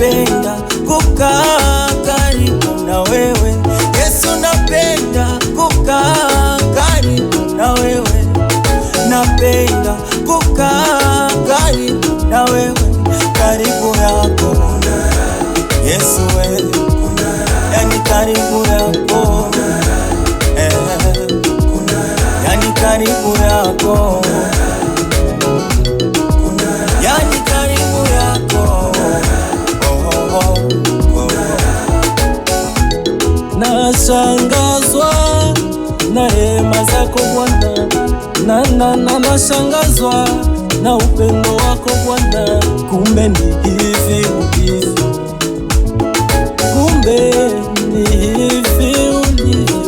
napenda kukaa karibu na wewe Yesu, napenda kukaa karibu na wewe, napenda kukaa karibu na wewe, karibu yako Yesu nashangazwa na hema zako Bwana, na na na nashangazwa na upendo wako Bwana, kumbe ni hivi ulivyo, kumbe ni hivi ulivyo.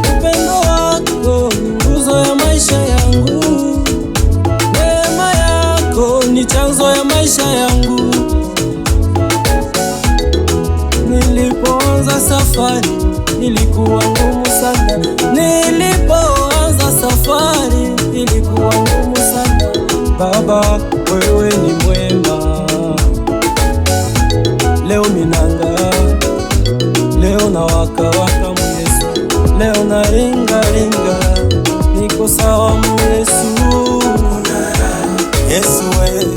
Upendo wako ni nguzo ya maisha yangu, neema yako ni chanzo ya maisha yangu. safari ilikuwa ngumu sana. Nilipoanza safari ilikuwa ngumu sana. Baba, wewe ni mwema. Leo minanga, leo na waka waka Mwesu, leo na ringa ringa, niko sawa Mwesu. Yesu wewe,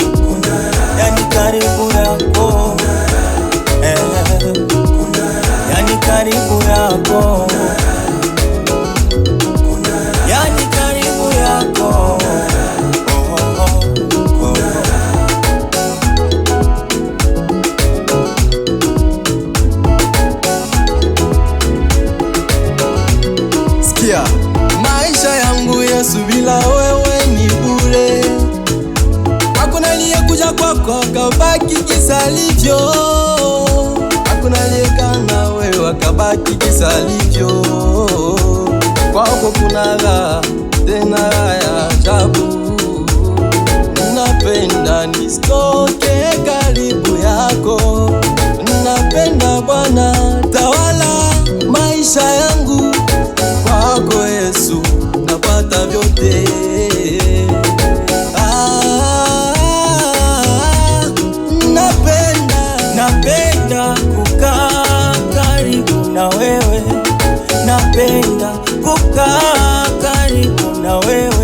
yani karibu yako yako, yani karibu yako Sikia, maisha yangu Yesu, bila wewe ni bure. Hakuna aliyekuja kwako kwa kwa kwa kabaki kisalivyo kwako, kuna raha tena raha ya ajabu. Napenda nisitoke karibu yako, napenda Bwana, tawala maisha yangu, kwako Yesu napata vyote. Ah, napenda napenda kukaa karibu na wewe, napenda kukaa karibu na wewe